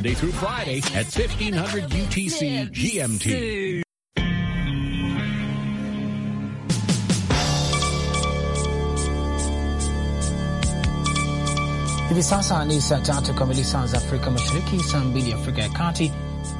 Monday through Friday at 1500 UTC GMT. Hivi sasa ni saa tatu kamili saa za Afrika Mashariki, saa mbili Afrika ya Kati,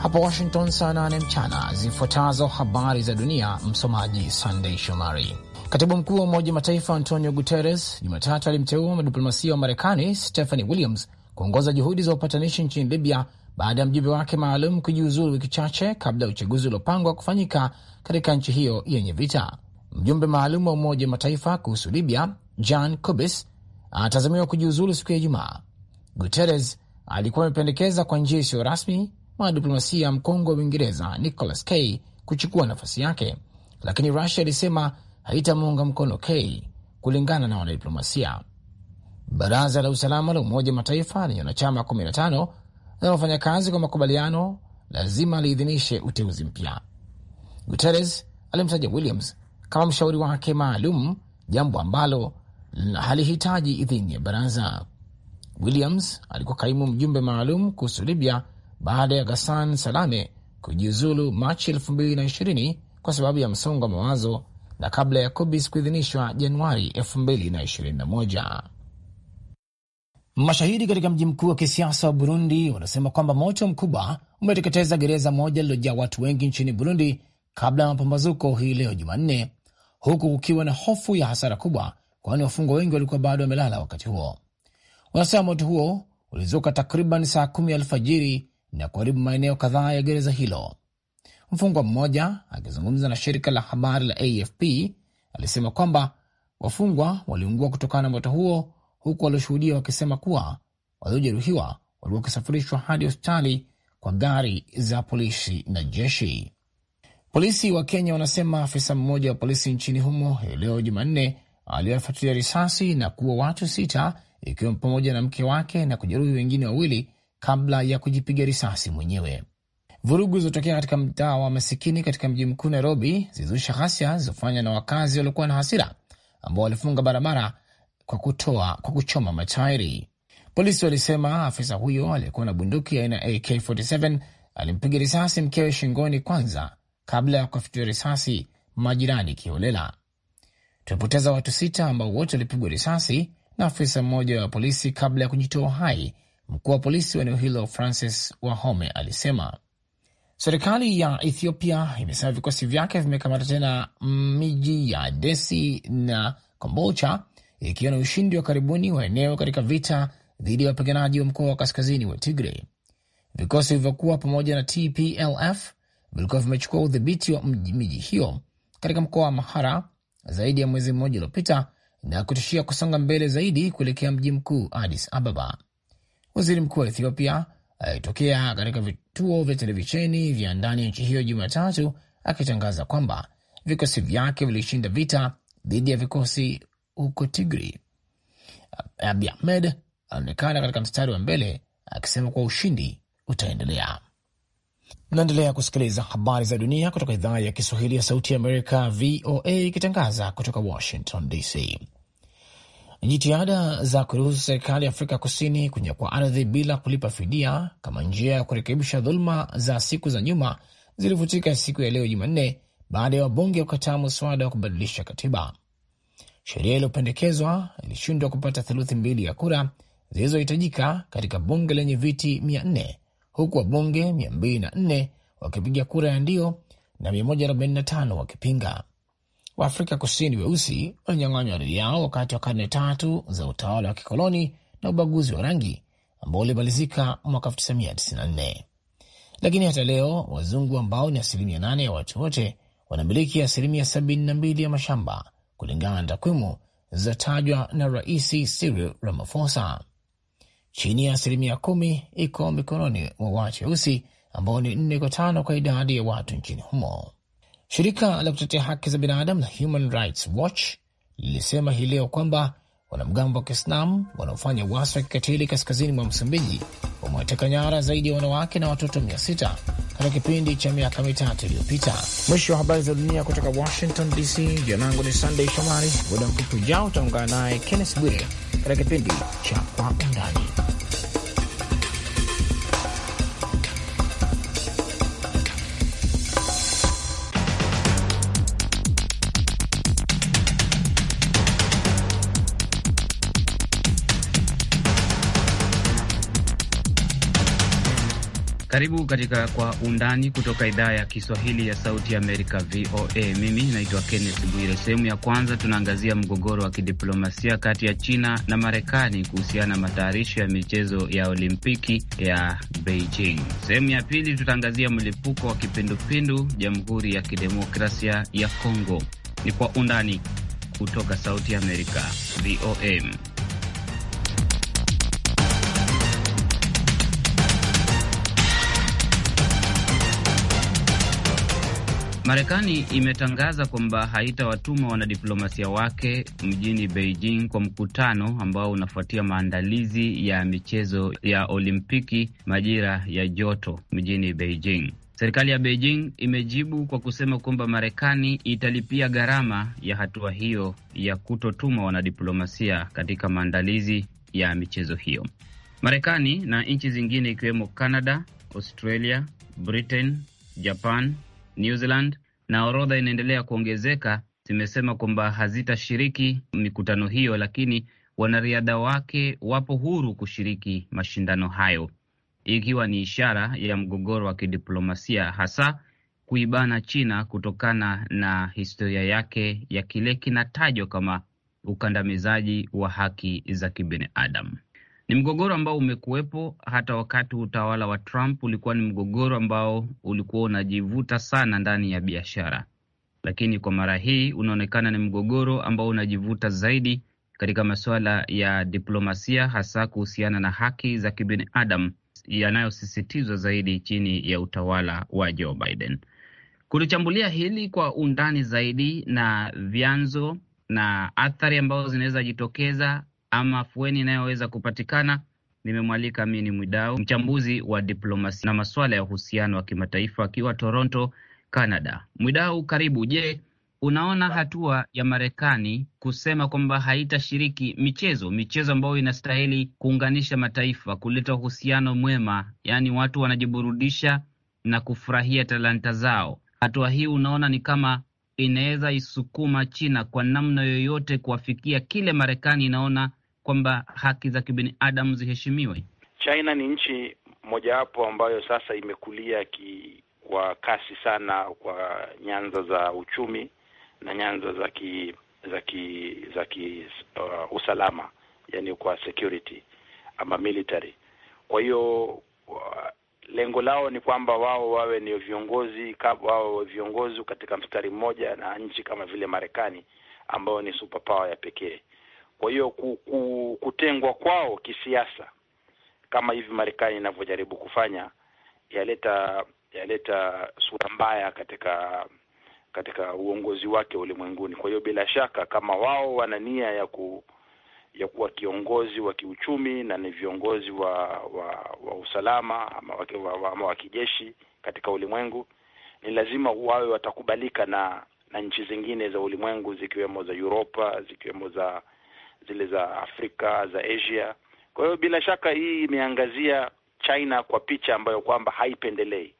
hapa Washington saa nane mchana. Zifuatazo habari za dunia, msomaji Sandei Shomari. Katibu mkuu wa Umoja Mataifa Antonio Guterres Jumatatu alimteua madiplomasia wa Marekani Stephanie Williams kuongoza juhudi za upatanishi nchini Libya baada ya mjumbe wake maalum kujiuzuru wiki chache kabla ya uchaguzi uliopangwa kufanyika katika nchi hiyo yenye vita. Mjumbe maalum wa Umoja wa Mataifa kuhusu Libya Jan Kubis anatazamiwa kujiuzulu siku ya Ijumaa. Guterres alikuwa amependekeza kwa njia isiyo rasmi mwanadiplomasia mkongwe wa Uingereza Nicholas K kuchukua nafasi yake, lakini Rusia ilisema haitamuunga mkono K kulingana na wanadiplomasia. Baraza la usalama la Umoja Mataifa lenye wanachama 15 linalofanya kazi kwa makubaliano lazima liidhinishe uteuzi mpya. Guterres alimtaja Williams kama mshauri wake maalum, jambo ambalo halihitaji idhini ya baraza. Williams alikuwa kaimu mjumbe maalum kuhusu Libya baada ya Ghassan Salame kujiuzulu Machi 2020 kwa sababu ya msongo wa mawazo na kabla ya Kubis kuidhinishwa Januari 2021. Mashahidi katika mji mkuu wa kisiasa wa Burundi wanasema kwamba moto mkubwa umeteketeza gereza moja lililojaa watu wengi nchini Burundi kabla ya mapambazuko hii leo Jumanne, huku kukiwa na hofu ya hasara kubwa, kwani wafungwa wengi walikuwa bado wamelala wakati huo. Wanasema moto huo ulizuka takriban saa kumi alfajiri na kuharibu maeneo kadhaa ya gereza hilo. Mfungwa mmoja akizungumza na shirika la habari la AFP alisema kwamba wafungwa waliungua kutokana na moto huo huku walioshuhudia wakisema kuwa waliojeruhiwa walikuwa wakisafirishwa hadi hospitali kwa gari za polisi na jeshi. Polisi wa Kenya wanasema afisa mmoja wa polisi nchini humo hii leo Jumanne aliwafyatulia risasi na kuua watu sita ikiwemo pamoja na mke wake na kujeruhi wengine wawili kabla ya kujipiga risasi mwenyewe. Vurugu zilizotokea katika mtaa wa masikini katika mji mkuu Nairobi zilizusha ghasia zilizofanywa na wakazi waliokuwa na hasira ambao walifunga barabara kwa kutoa kwa kuchoma matairi. Polisi walisema afisa huyo aliyekuwa na bunduki aina AK47 alimpiga risasi mkewe shingoni kwanza kabla ya kuwafitua risasi majirani kiholela. Tumepoteza watu sita ambao wote walipigwa risasi na afisa mmoja wa polisi kabla ya kujitoa hai, mkuu wa polisi wa eneo hilo Francis Wahome alisema. Serikali ya Ethiopia imesema vikosi vyake vimekamata tena miji ya Desi na Kombolcha ikiwa na ushindi wa karibuni wa eneo katika vita dhidi ya wapiganaji wa mkoa wa kaskazini wa Tigray. Vikosi vilivyokuwa pamoja na TPLF vilikuwa vimechukua udhibiti wa miji hiyo katika mkoa wa Mahara zaidi ya mwezi mmoja uliopita na kutishia kusonga mbele zaidi kuelekea mji mkuu Addis Ababa. Waziri mkuu wa Ethiopia alitokea katika vituo vya televisheni vya ndani ya nchi hiyo Jumatatu akitangaza kwamba vikosi vyake vilishinda vita dhidi ya vikosi huko Tigri. Abi Ahmed anaonekana katika mstari wa mbele akisema kuwa ushindi utaendelea. Mnaendelea kusikiliza habari za dunia kutoka idhaa ya Kiswahili ya Sauti ya Amerika, VOA, ikitangaza kutoka Washington DC. Jitihada za kuruhusu serikali ya Afrika Kusini kunyakwa ardhi bila kulipa fidia kama njia ya kurekebisha dhuluma za siku za nyuma zilivutika siku ya leo Jumanne baada ya wabunge kukataa muswada wa kubadilisha katiba. Sheria iliyopendekezwa ilishindwa kupata theluthi mbili ya kura zilizohitajika katika bunge lenye viti 400 huku wabunge 204 wakipiga kura ya ndio na 145 wakipinga. Waafrika Kusini weusi walinyang'anywa ardhi yao wakati wa karne tatu za utawala wa kikoloni na ubaguzi wa rangi ambao ulimalizika mwaka 1994. Lakini hata leo wazungu ambao ni asilimia 8 ya watu wote wanamiliki asilimia 72 ya mashamba kulingana na takwimu zilizotajwa na Rais Cyril Ramaphosa. Chini ya asilimia kumi iko mikononi mwa watu weusi ambao ni nne kwa tano kwa idadi ya watu nchini humo. Shirika la kutetea haki za binadamu la Human Rights Watch lilisema hii leo kwamba wanamgambo wa Kiislamu wanaofanya uasi wa kikatili kaskazini mwa Msumbiji wamewateka nyara zaidi ya wanawake na watoto mia sita katika kipindi cha miaka mitatu iliyopita. Mwisho wa habari za dunia kutoka Washington DC. Jina langu ni Sandey Shomari. Muda mfupi ujao utaungana naye Kennes Bwire katika kipindi cha Kwa Undani. Karibu katika Kwa Undani kutoka idhaa ya Kiswahili ya Sauti ya Amerika, VOA. Mimi naitwa Kenneth Bwire. Sehemu ya kwanza tunaangazia mgogoro wa kidiplomasia kati ya China na Marekani kuhusiana na matayarisho ya michezo ya Olimpiki ya Beijing. Sehemu ya pili tutaangazia mlipuko wa kipindupindu Jamhuri ya Kidemokrasia ya Kongo. Ni Kwa Undani kutoka Sauti ya Amerika, VOA. Marekani imetangaza kwamba haitawatuma wanadiplomasia wake mjini Beijing kwa mkutano ambao unafuatia maandalizi ya michezo ya Olimpiki majira ya joto mjini Beijing. Serikali ya Beijing imejibu kwa kusema kwamba Marekani italipia gharama ya hatua hiyo ya kutotuma wanadiplomasia katika maandalizi ya michezo hiyo. Marekani na nchi zingine ikiwemo Canada, Australia, Britain, Japan New Zealand na orodha inaendelea kuongezeka, zimesema kwamba hazitashiriki mikutano hiyo, lakini wanariadha wake wapo huru kushiriki mashindano hayo, ikiwa ni ishara ya mgogoro wa kidiplomasia hasa kuibana China kutokana na historia yake ya kile kinatajwa kama ukandamizaji wa haki za kibinadamu. Ni mgogoro ambao umekuwepo hata wakati utawala wa Trump ulikuwa ni mgogoro ambao ulikuwa unajivuta sana ndani ya biashara, lakini kwa mara hii unaonekana ni mgogoro ambao unajivuta zaidi katika masuala ya diplomasia, hasa kuhusiana na haki za kibinadamu yanayosisitizwa zaidi chini ya utawala wa Joe Biden. Kulichambulia hili kwa undani zaidi na vyanzo na athari ambazo zinaweza jitokeza ama afueni inayoweza kupatikana. Nimemwalika Amini Mwidau, mchambuzi wa diplomasia na masuala ya uhusiano wa kimataifa, akiwa Toronto, Canada. Mwidau, karibu. Je, unaona hatua ya Marekani kusema kwamba haitashiriki michezo michezo ambayo inastahili kuunganisha mataifa, kuleta uhusiano mwema, yaani watu wanajiburudisha na kufurahia talanta zao. Hatua hii unaona ni kama inaweza isukuma China kwa namna yoyote kuwafikia kile Marekani inaona kwamba haki za kibinadamu ziheshimiwe? China ni nchi mojawapo ambayo sasa imekulia ki, kwa kasi sana kwa nyanza za uchumi na nyanza za ki, za ki, za ki, uh, usalama yani kwa security ama military. Kwa hiyo uh, lengo lao ni kwamba wao wawe ni viongozi wao viongozi katika mstari mmoja na nchi kama vile Marekani ambayo ni superpower ya pekee. Kwa hiyo kutengwa kwao kisiasa kama hivi Marekani inavyojaribu kufanya yaleta yaleta sura mbaya katika katika uongozi wake ulimwenguni. Kwa hiyo bila shaka, kama wao wana nia ya ku ya kuwa kiongozi wa kiuchumi na ni viongozi wa wa, wa usalama ama wa, wa, wa, wa kijeshi katika ulimwengu, ni lazima wawe watakubalika na na nchi zingine za ulimwengu zikiwemo za Europa zikiwemo za zile za Afrika, za Asia. Kwa hiyo bila shaka hii imeangazia China kwa picha ambayo kwamba haipendelei.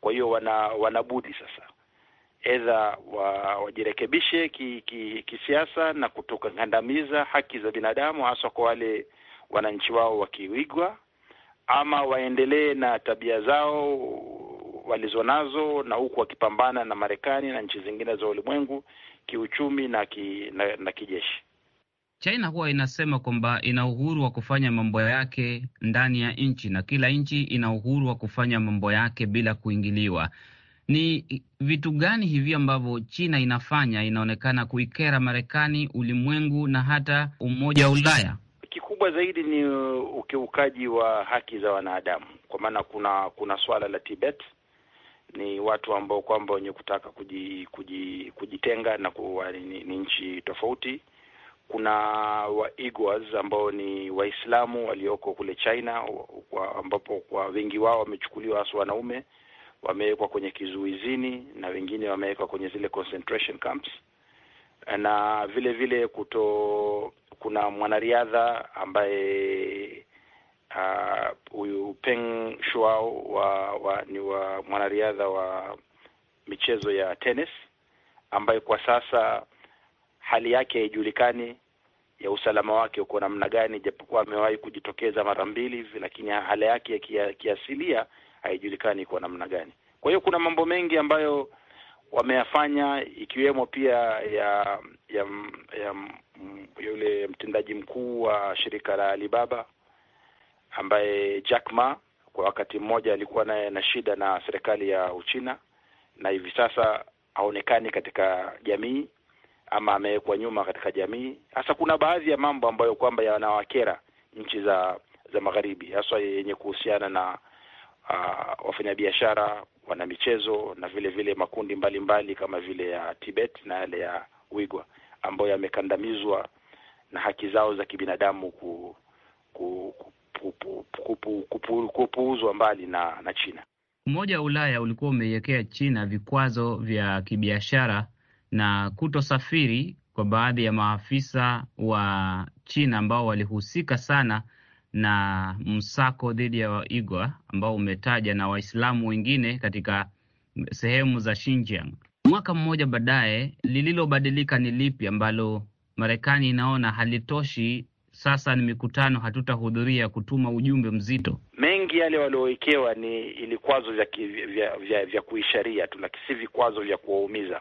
Kwa hiyo wana wanabudi sasa edha wa, wajirekebishe kisiasa ki, ki na kutokangandamiza haki za binadamu haswa kwa wale wananchi wao wakiwigwa, ama waendelee na tabia zao walizonazo na huku wakipambana na Marekani na nchi zingine za ulimwengu kiuchumi na, ki, na, na kijeshi. China huwa inasema kwamba ina uhuru wa kufanya mambo yake ndani ya nchi na kila nchi ina uhuru wa kufanya mambo yake bila kuingiliwa. Ni vitu gani hivi ambavyo China inafanya inaonekana kuikera Marekani, ulimwengu na hata Umoja wa Ulaya? Kikubwa zaidi ni ukiukaji wa haki za wanadamu, kwa maana kuna kuna swala la Tibet ni watu ambao kwamba wenye kutaka kuji, kuji, kujitenga na kuwa ni, ni nchi tofauti kuna Waigwas ambao ni Waislamu walioko kule China kwa ambapo kwa wengi wao wamechukuliwa hasa wanaume wamewekwa kwenye kizuizini na wengine wamewekwa kwenye zile concentration camps, na vile vile kuto kuna mwanariadha ambaye uh, huyu uh, Peng shuao wa, wa, ni wa mwanariadha wa michezo ya tennis ambaye kwa sasa hali yake haijulikani ya usalama wake uko namna gani, japokuwa amewahi kujitokeza mara mbili hivi, lakini hali yake ya kiasilia haijulikani kwa namna gani. Kwa hiyo kuna mambo mengi ambayo wameyafanya ikiwemo pia ya ya, ya yule mtendaji mkuu wa shirika la Alibaba ambaye Jack Ma kwa wakati mmoja alikuwa naye na shida na serikali ya Uchina na hivi sasa haonekani katika jamii ama amewekwa nyuma katika jamii. Hasa kuna baadhi ya mambo ambayo kwamba yanawakera nchi za za magharibi, haswa yenye kuhusiana na uh, wafanyabiashara, wanamichezo na vile vile makundi mbalimbali mbali kama vile ya Tibet na yale ya Uigwa ambayo yamekandamizwa na haki zao za kibinadamu ku, ku, ku, ku, ku, ku, ku, kupuuzwa mbali na na China. Umoja wa Ulaya ulikuwa umeiwekea China vikwazo vya kibiashara na kutosafiri kwa baadhi ya maafisa wa China ambao walihusika sana na msako dhidi ya Waigwa ambao umetaja na Waislamu wengine katika sehemu za Xinjiang. Mwaka mmoja baadaye, lililobadilika ni lipi ambalo Marekani inaona halitoshi? Sasa ni mikutano hatutahudhuria, kutuma ujumbe mzito. Mengi yale waliowekewa ni, ni vikwazo vya, vya, vya, vya kuisharia tu, lakini si vikwazo vya kuwaumiza.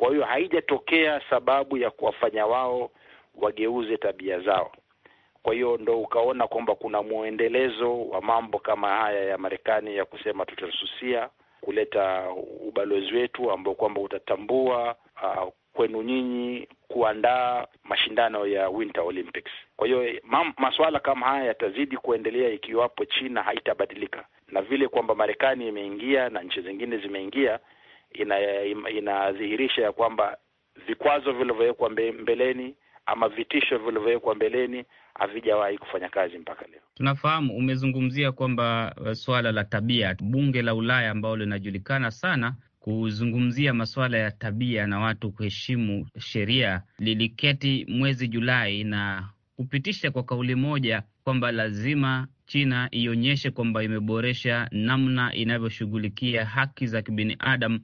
Kwa hiyo haijatokea sababu ya kuwafanya wao wageuze tabia zao. Kwa hiyo ndo ukaona kwamba kuna mwendelezo wa mambo kama haya ya Marekani ya kusema tutasusia kuleta ubalozi wetu ambao kwamba utatambua uh, kwenu nyinyi kuandaa mashindano ya Winter Olympics. Kwa hiyo eh, masuala kama haya yatazidi kuendelea ikiwapo China haitabadilika, na vile kwamba Marekani imeingia na nchi zingine zimeingia inadhihirisha ina ya kwamba vikwazo vilivyowekwa mbeleni ama vitisho vilivyowekwa mbeleni havijawahi kufanya kazi mpaka leo. Tunafahamu, umezungumzia kwamba eh, suala la tabia, bunge la Ulaya ambalo linajulikana sana kuzungumzia masuala ya tabia na watu kuheshimu sheria, liliketi mwezi Julai na kupitisha kwa kauli moja kwamba lazima China ionyeshe kwamba imeboresha namna inavyoshughulikia haki za kibinadamu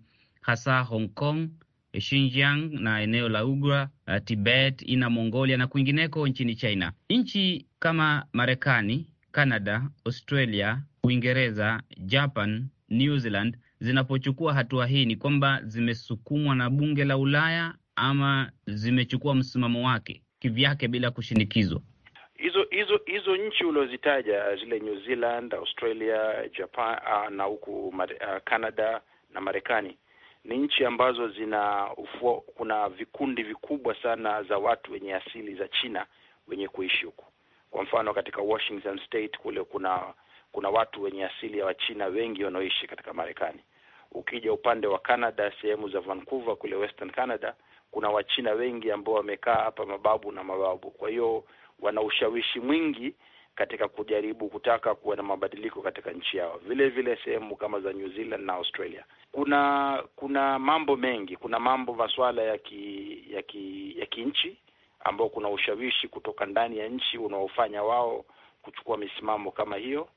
hasa Hong Kong, eh, Xinjiang na eneo la Ugra, eh, Tibet, ina Mongolia na kwingineko nchini China. Nchi kama Marekani, Canada, Australia, Uingereza, Japan, New Zealand zinapochukua hatua hii ni kwamba zimesukumwa na bunge la Ulaya ama zimechukua msimamo wake kivyake bila kushinikizwa. Hizo hizo hizo nchi uliozitaja zile New Zealand, Australia, Japan ah, na huku ah, Canada na Marekani ni nchi ambazo zina ufuo, kuna vikundi vikubwa sana za watu wenye asili za China wenye kuishi huku. Kwa mfano katika Washington State kule kuna kuna watu wenye asili ya Wachina wengi wanaoishi katika Marekani. Ukija upande wa Canada, sehemu za Vancouver kule Western Canada, kuna Wachina wengi ambao wamekaa hapa, mababu na mababu. Kwa hiyo wana ushawishi mwingi katika kujaribu kutaka kuwa na mabadiliko katika nchi yao, vile vile sehemu kama za New Zealand na Australia. Kuna kuna mambo mengi, kuna mambo masuala ya ki, ya ki, ya kinchi ambao kuna ushawishi kutoka ndani ya nchi unaofanya wao kuchukua misimamo kama hiyo,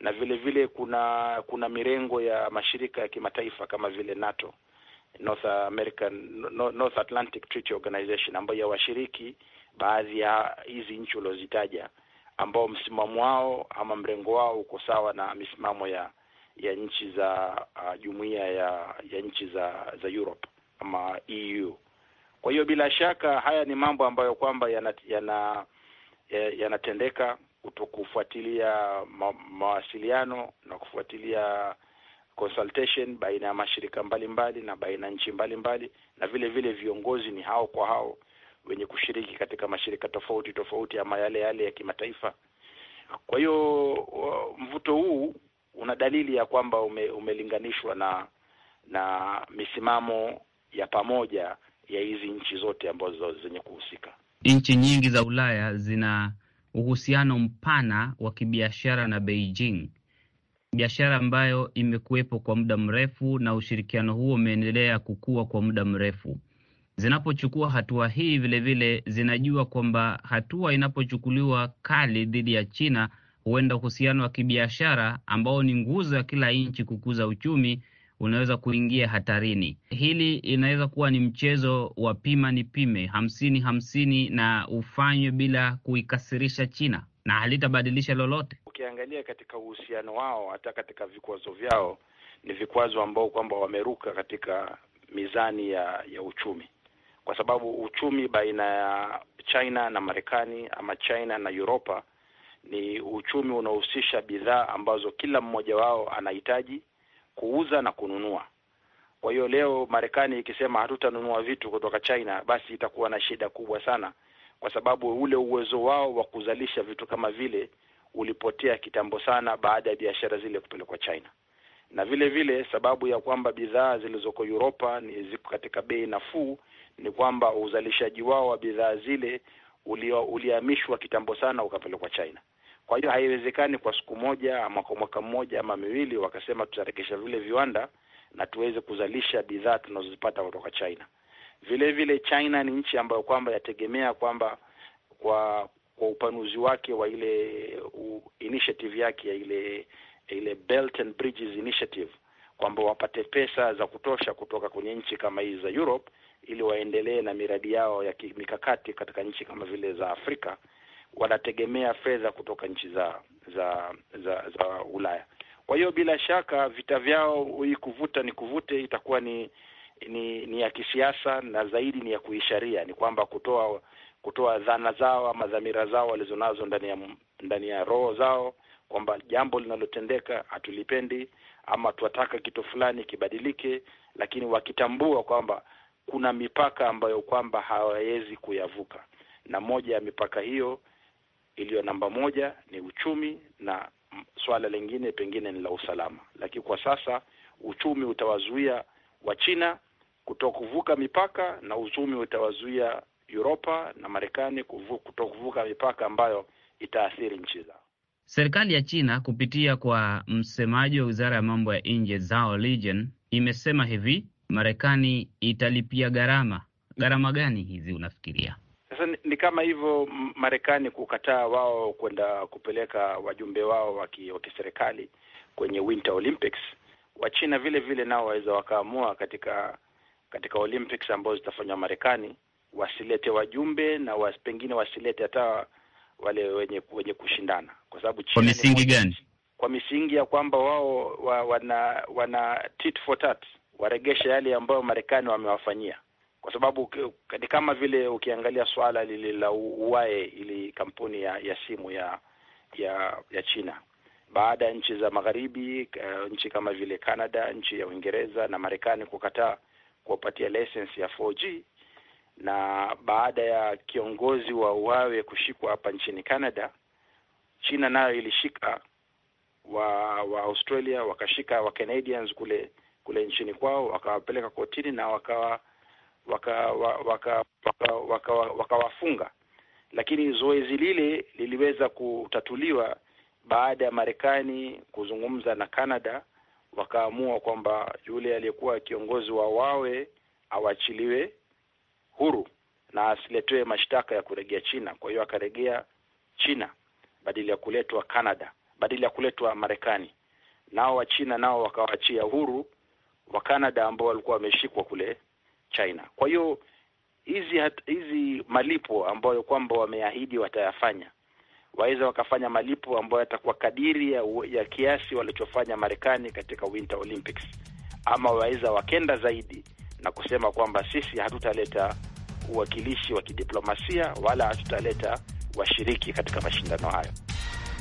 na vile vile kuna kuna mirengo ya mashirika ya kimataifa kama vile NATO, North American, North Atlantic Treaty Organization ambayo yawashiriki baadhi ya hizi nchi uliozitaja ambao msimamo wao ama mrengo wao uko sawa na misimamo ya ya nchi za uh, jumuiya ya ya nchi za za Europe ama EU. Kwa hiyo bila shaka haya ni mambo ambayo kwamba yanatendeka yana, yana kuto kufuatilia ma, mawasiliano na kufuatilia consultation baina ya mashirika mbalimbali mbali, na baina ya nchi mbalimbali mbali, na vile vile viongozi ni hao kwa hao wenye kushiriki katika mashirika tofauti tofauti ama yale yale ya kimataifa. Kwa hiyo mvuto huu una dalili ya kwamba ume, umelinganishwa na na misimamo ya pamoja ya hizi nchi zote ambazo zenye kuhusika. Nchi nyingi za Ulaya zina uhusiano mpana wa kibiashara na Beijing, biashara ambayo imekuwepo kwa muda mrefu, na ushirikiano huo umeendelea kukua kwa muda mrefu. Zinapochukua hatua hii, vilevile zinajua kwamba hatua inapochukuliwa kali dhidi ya China, huenda uhusiano wa kibiashara ambao ni nguzo ya kila nchi kukuza uchumi unaweza kuingia hatarini. Hili inaweza kuwa ni mchezo wa pima ni pime hamsini hamsini, na ufanywe bila kuikasirisha China na halitabadilisha lolote. Ukiangalia katika uhusiano wao, hata katika vikwazo vyao, ni vikwazo ambao kwamba wameruka katika mizani ya, ya uchumi kwa sababu uchumi baina ya China na Marekani ama China na Europa ni uchumi unaohusisha bidhaa ambazo kila mmoja wao anahitaji kuuza na kununua. Kwa hiyo leo Marekani ikisema hatutanunua vitu kutoka China, basi itakuwa na shida kubwa sana, kwa sababu ule uwezo wao wa kuzalisha vitu kama vile ulipotea kitambo sana baada ya biashara zile kupelekwa China, na vile vile sababu ya kwamba bidhaa zilizoko Europa ni ziko katika bei nafuu ni kwamba uzalishaji wao wa bidhaa zile ulihamishwa kitambo sana ukapelekwa China. Kwa hiyo haiwezekani kwa siku moja ama kwa mwaka mmoja ama miwili wakasema tutarekesha vile viwanda na tuweze kuzalisha bidhaa tunazozipata kutoka China. Vile vile China ni nchi ambayo kwamba yategemea kwamba kwa kwa upanuzi wake wa ile initiative yake ya ile ile Belt and Bridges Initiative kwamba wapate pesa za kutosha kutoka kwenye nchi kama hizi za Europe ili waendelee na miradi yao ya kimikakati katika nchi kama vile za Afrika, wanategemea fedha kutoka nchi za za za, za Ulaya. Kwa hiyo bila shaka vita vyao hii kuvuta ni kuvute itakuwa ni ni ni ya kisiasa na zaidi ni ya kuisharia, ni kwamba kutoa kutoa dhana zao ama dhamira zao walizonazo ndani ya ndani ya roho zao kwamba jambo linalotendeka hatulipendi ama tuwataka kitu fulani kibadilike, lakini wakitambua kwamba kuna mipaka ambayo kwamba hawawezi kuyavuka, na moja ya mipaka hiyo iliyo namba moja ni uchumi na swala lingine pengine ni la usalama. Lakini kwa sasa uchumi utawazuia Wachina kutokuvuka mipaka na uchumi utawazuia Europa na Marekani kuto kuvuka mipaka ambayo itaathiri nchi zao. Serikali ya China kupitia kwa msemaji wa wizara ya mambo ya nje Zhao Lijian imesema hivi Marekani italipia gharama. Gharama gani hizi unafikiria? Sasa ni, ni kama hivyo Marekani kukataa wao kwenda kupeleka wajumbe wao wa kiserikali kwenye Winter Olympics. Wachina vile vile nao waweza wakaamua katika katika Olympics ambazo zitafanywa Marekani wasilete wajumbe na was, pengine wasilete hata wale wenye wenye kushindana kwa sababu kwa misingi gani? Kwa misingi ya kwamba wao wa, wana wana tit for tat waregeshe yale ambayo Marekani wamewafanyia, kwa sababu ni kama vile ukiangalia swala lile la uae ili kampuni ya, ya simu ya ya ya China baada ya nchi za magharibi uh, nchi kama vile Canada, nchi ya Uingereza na Marekani kukataa kuwapatia license ya 4G na baada ya kiongozi wa uawe kushikwa hapa nchini Canada, China nayo ilishika wa wa Australia wakashika wa Canadians kule kule nchini kwao, wakawapeleka kotini na wakawa wakawafunga waka, waka, waka, waka, waka lakini zoezi lile liliweza kutatuliwa baada ya Marekani kuzungumza na Canada, wakaamua kwamba yule aliyekuwa kiongozi wa wawe awachiliwe huru na asiletewe mashtaka ya kuregea China. Kwa hiyo akaregea China badili ya kuletwa Canada, badili ya kuletwa Marekani. Nao wa China nao wakawaachia huru wa Canada ambao walikuwa wameshikwa kule China. Kwa hiyo hizi hizi malipo ambayo kwamba wameahidi watayafanya, waweza wakafanya malipo ambayo yatakuwa kadiri ya, ya kiasi walichofanya Marekani katika Winter Olympics, ama waweza wakenda zaidi na kusema kwamba sisi hatutaleta uwakilishi wa kidiplomasia wala hatutaleta washiriki katika mashindano hayo.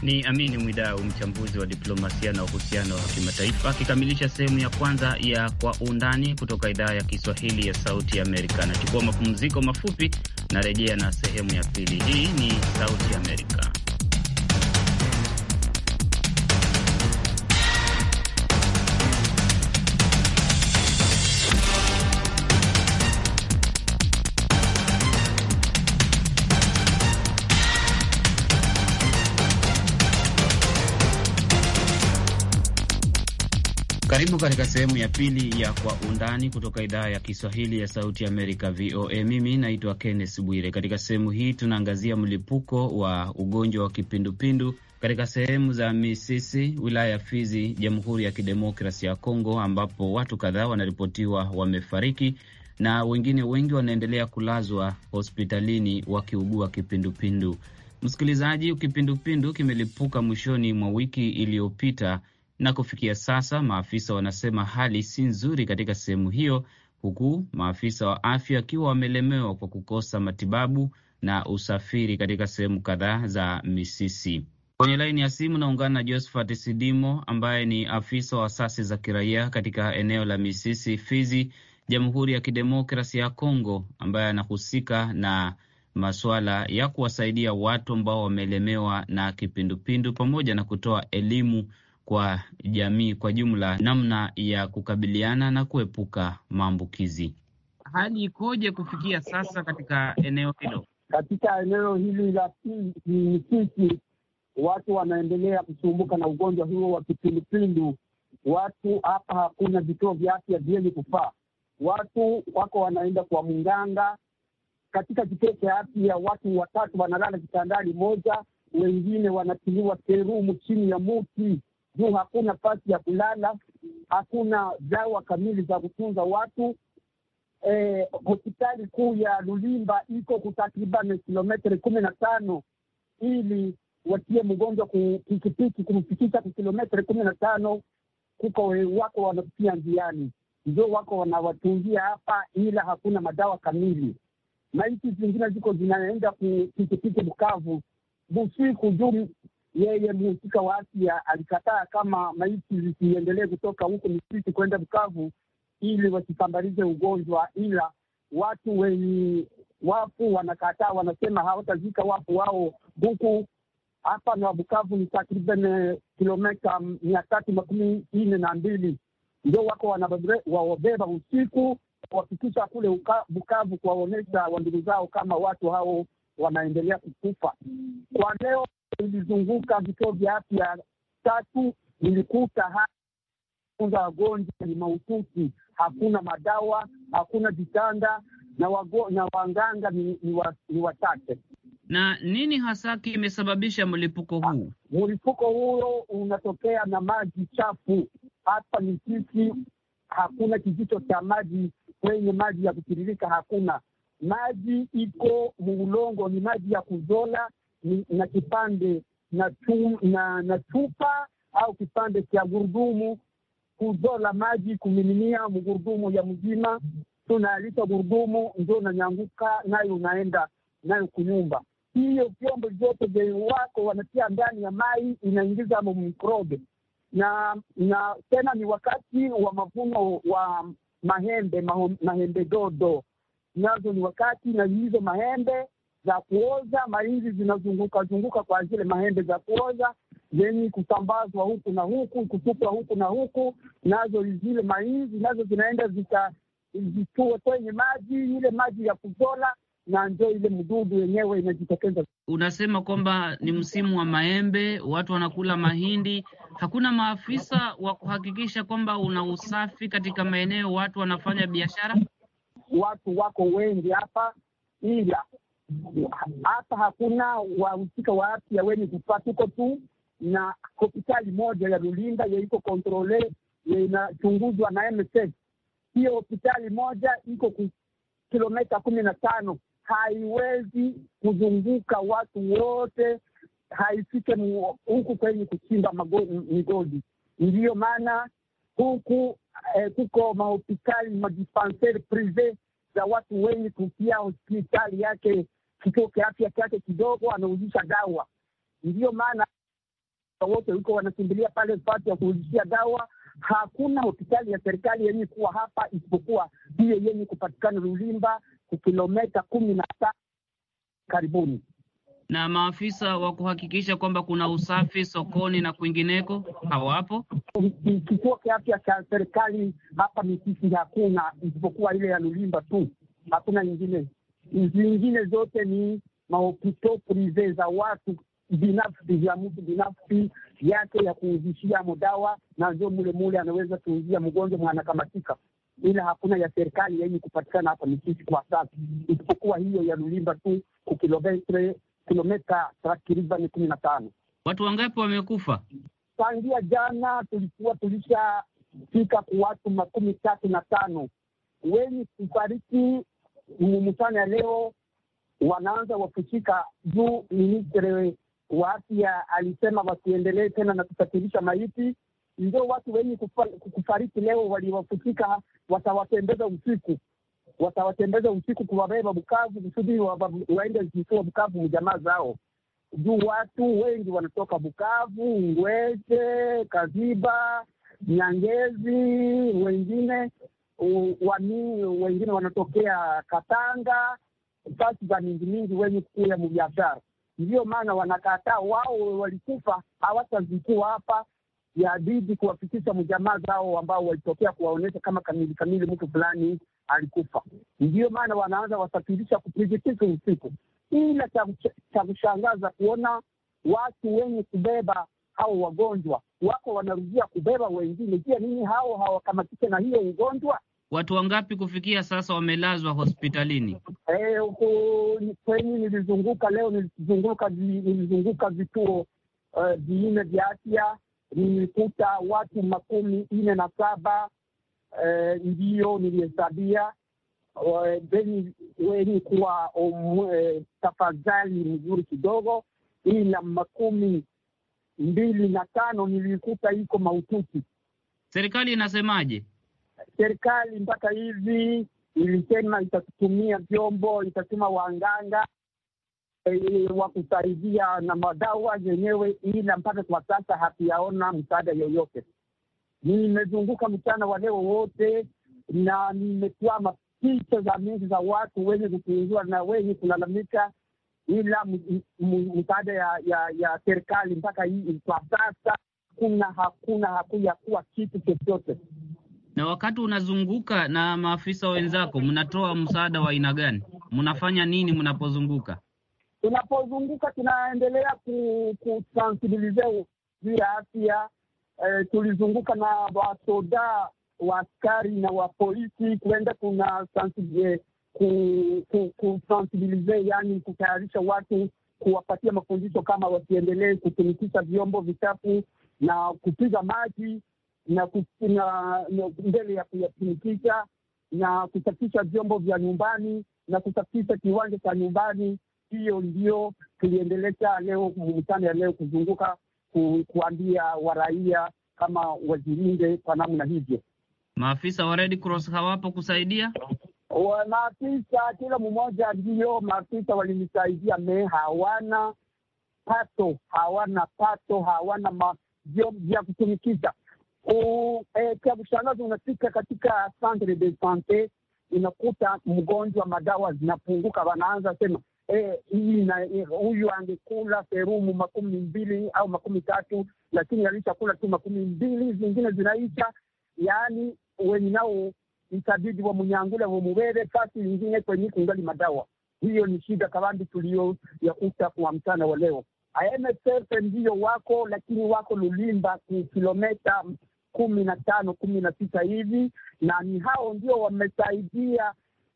Ni Amini Mwidau, mchambuzi wa diplomasia na uhusiano wa kimataifa, akikamilisha sehemu ya kwanza ya Kwa Undani kutoka idhaa ya Kiswahili ya Sauti ya Amerika. Anachukua mapumziko mafupi na rejea na sehemu ya pili. Hii ni Sauti Amerika. Karibu katika sehemu ya pili ya Kwa Undani kutoka idhaa ya Kiswahili ya Sauti ya Amerika, VOA. Mimi naitwa Kenneth Bwire. Katika sehemu hii tunaangazia mlipuko wa ugonjwa wa kipindupindu katika sehemu za Misisi, wilaya ya Fizi, Jamhuri ya Kidemokrasi ya Kongo, ambapo watu kadhaa wanaripotiwa wamefariki na wengine wengi wanaendelea kulazwa hospitalini wakiugua kipindupindu. Msikilizaji, kipindupindu kimelipuka mwishoni mwa wiki iliyopita na kufikia sasa maafisa wanasema hali si nzuri katika sehemu hiyo, huku maafisa wa afya wakiwa wamelemewa kwa kukosa matibabu na usafiri katika sehemu kadhaa za Misisi. Kwenye laini ya simu naungana na Josephat Sidimo ambaye ni afisa wa asasi za kiraia katika eneo la Misisi, Fizi, Jamhuri ya Kidemokrasi ya Kongo, ambaye anahusika na masuala ya kuwasaidia watu ambao wamelemewa na kipindupindu pamoja na kutoa elimu kwa jamii kwa jumla, namna ya kukabiliana na kuepuka maambukizi. Hali ikoje kufikia sasa katika eneo hilo? Katika eneo hili la Misisi, watu wanaendelea kusumbuka na ugonjwa huo wa kipindupindu. Watu hapa, hakuna vituo vya afya vyenye kufaa. Watu wako wanaenda kwa mganga. Katika kituo cha afya, watu watatu wanalala kitandani moja, wengine wanatiliwa serumu chini ya muti juu hakuna pasi ya kulala, hakuna dawa kamili za kutunza watu. E, hospitali kuu ya Lulimba iko kutakriban kilometri kumi na tano ili watie mgonjwa pikipiki kumfikisha ku kilometri kumi na tano kuko wako wanapitia njiani, ndio wako wanawatungia hapa, ila hakuna madawa kamili, na nchi zingine ziko zinaenda kupikipiki Bukavu busiku juu yeye mhusika wa afya alikataa kama maiti zisiendelee kutoka huko Misisi kwenda Bukavu ili wasisambarize ugonjwa, ila watu wenye wafu wanakataa, wanasema hawatazika wafu wao huku hapa na Bukavu ni takriban eh, kilometa mia tatu makumi nne na mbili ndio wako wawabeba usiku wafikisha kule uka, Bukavu kuwaonyesha wandugu zao kama watu hao wanaendelea kukufa kwa leo ilizunguka vituo vya afya tatu, ilikuta za wagonjwa ni mahututi, hakuna madawa, hakuna vitanda na, na wanganga ni, ni, wa, ni wachache. Na nini hasa kimesababisha mlipuko huu? Mlipuko huo unatokea na maji chafu. Hapa ni sisi, hakuna kijito cha maji kwenye maji ya kutiririka, hakuna maji iko muulongo, ni maji ya kuzola na kipande na, chum, na, na chupa au kipande cha gurudumu kuzola maji kumiminia mgurudumu ya mzima, tunaalika gurudumu ndio nanyanguka nayo unaenda nayo kunyumba hiyo. Vyombo vyote vya wako wanatia ndani ya mai, inaingiza mikrobe na na tena ni wakati wa mavuno wa mahembe maho, mahembe dodo nazo ni wakati na hizo mahembe za kuoza, mahindi zinazunguka zunguka kwa zile mahembe za kuoza zenye kusambazwa huku na huku, kutupwa huku na huku, nazo zile mahindi nazo zinaenda zika zitue kwenye maji, ile maji ya kuzola na ndio ile mdudu yenyewe inajitokeza. Unasema kwamba ni msimu wa maembe, watu wanakula mahindi. Hakuna maafisa wa kuhakikisha kwamba una usafi katika maeneo watu wanafanya biashara. Watu wako wengi hapa, ila hapa hakuna wahusika wa afya wenye kufaa. Tuko tu na hospitali moja ya Rulinda ye iko kontrole ye inachunguzwa na MSF. Hiyo hospitali moja iko kilometa kumi na tano, haiwezi kuzunguka watu wote, haifike huku kwenye kuchimba migodi. Ndiyo maana huku eh, kuko mahospitali madispanseri prive za watu wenye kupia hospitali yake kituo kiafya chake kidogo, anauzisha dawa. Ndiyo maana wote huko wanakimbilia pale patu ya kuuzishia dawa. Hakuna hospitali ya serikali yenye kuwa hapa isipokuwa hiyo yenye kupatikana Lulimba, kilometa kumi na tano karibuni. Na maafisa wa kuhakikisha kwamba kuna usafi sokoni na kwingineko hawapo. Kituo kiafya cha serikali hapa Misisi hakuna isipokuwa ile ya Lulimba tu, hakuna nyingine zingine zote ni mahopito prive za watu binafsi vya mtu binafsi yake ya kuuzishia modawa nazo mule mule anaweza kuuzia mgonjwa mwanakamatika, ila hakuna ya serikali yenye kupatikana hapa Misisi kwa sasa, isipokuwa hiyo ya Lulimba tu kukilometre kilometa takribani kumi na tano. Watu wangapi wamekufa tangia jana? Tulikuwa tulishafika ku watu makumi tatu na tano wenye kufariki muhimu sana leo wanaanza wakushika juu. Ministre wa afya alisema wasiendelee tena na kusafirisha maiti, ndio watu wenye kufariki leo waliwafusika watawatembeza usiku, watawatembeza usiku kuwabeba Bukavu kusudi waende kifua Bukavu jamaa zao, juu watu wengi wanatoka Bukavu, Ngweze, Kaziba, Nyangezi, wengine wanii wengine wanatokea Katanga, basi za mingi mingi wenye kuya mubiashara. Ndiyo maana wanakataa wao, walikufa hawatazikua hapa, yabidi kuwafikisha mjamaa zao ambao walitokea kuwaonyesha kama kamili kamili mtu fulani alikufa. Ndiyo maana wanaanza wasafirisha kupigitiza usiku, ila cha kushangaza kuona watu wenye kubeba hao wagonjwa wako wanarudia kubeba wengine. Je, nini hao hawakamatike na hiyo ugonjwa? Watu wangapi kufikia sasa wamelazwa hospitalini? E, nilizunguka leo, nilizunguka nilizunguka vituo eh, vinne uh, vya afya nilikuta watu makumi nne na saba uh, eh, ndiyo nilihesabia eni weni kuwa um, uh, tafadhali mzuri kidogo, ila makumi mbili na tano nilikuta iko mahututi. Serikali inasemaje? Serikali mpaka hivi ilisema itatumia vyombo, itatuma wanganga e, eh, wa kusaidia na madawa yenyewe, ila mpaka kwa sasa hatuyaona msaada yoyote. Nimezunguka mchana wa leo wote na nimetoa mapicha za mingi za watu wenye kutungiwa na wenye kulalamika ila misaada ya, ya, ya serikali mpaka hii kwa sasa kuna hakuna hakuyakuwa kitu chochote. Na wakati unazunguka na maafisa wenzako, mnatoa msaada wa aina gani? Mnafanya nini mnapozunguka? Tunapozunguka tunaendelea ku juu ya afya e, Tulizunguka na wasoda, waaskari na wapolisi kuenda kuna eh, kusensibilize ku, yani kutayarisha watu, kuwapatia mafundisho kama wasiendelee kutumikisha vyombo vichafu na kupiga maji na, na, na mbele ya kuyatumikisha na kusafisha vyombo vya nyumbani na kusafisha kiwanja cha nyumbani. Hiyo ndio tuliendelesha leo mkutano ya leo kuzunguka ku, kuambia waraia kama wazilinde kwa namna hivyo. Maafisa wa Red Cross hawapo kusaidia maafisa kila mmoja ndio maafisa walinisaidia, me hawana pato, hawana pato, hawana vya kutumikiza. Eh, cha kushangaza unafika katika centre de sante, inakuta mgonjwa madawa zinapunguka, wanaanza sema eh, eh, huyu angekula serumu makumi mbili au makumi tatu lakini alishakula tu makumi mbili zingine zinaisha. Yaani nao itabidi wamunyangule wamubebe fasi ingine kwenye kungali madawa. Hiyo ni shida kabambi ya kuta kwa mchana wa leo. MSF ndiyo wako lakini wako Lulimba ku kilometa kumi na tano kumi na sita hivi, na ni hao ndio wamesaidia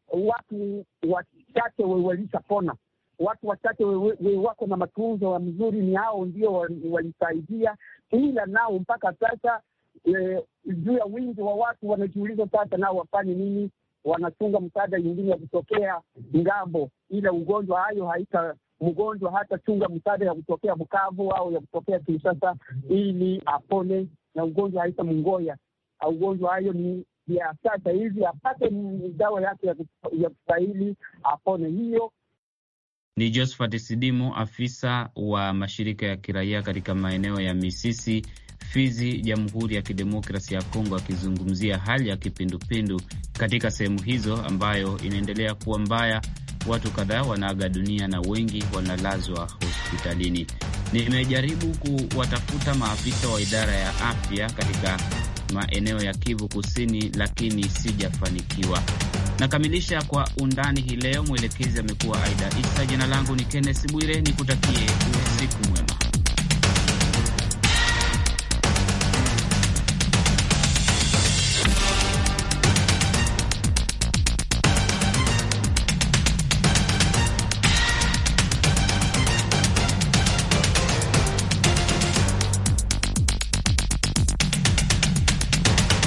watu wachache walishapona. Watu wachache we wako na matunzo wa mzuri, ni hao ndio walisaidia, ila nao mpaka sasa Eh, juu ya wingi wa watu wanajiuliza sasa nao wafanye nini? Wanachunga msaada nyingine ya kutokea ngambo, ila ugonjwa hayo haita mgonjwa hata chunga msaada ya kutokea Bukavu au ya kutokea Kinshasa ili apone, na ugonjwa haita mngoya ah, ugonjwa hayo ni ya sasa hivi, apate dawa yake ya kustahili apone. Hiyo ni Josephat sidimu afisa wa mashirika ya kiraia katika maeneo ya Misisi Fizi, Jamhuri ya Kidemokrasi ya Kongo, akizungumzia hali ya kipindupindu katika sehemu hizo ambayo inaendelea kuwa mbaya. Watu kadhaa wanaaga dunia na wengi wanalazwa hospitalini. Nimejaribu kuwatafuta maafisa wa idara ya afya katika maeneo ya Kivu Kusini, lakini sijafanikiwa. Nakamilisha kwa undani hii leo. Mwelekezi amekuwa Aida Isa. Jina langu ni Kennes Bwire, nikutakie usiku mwema.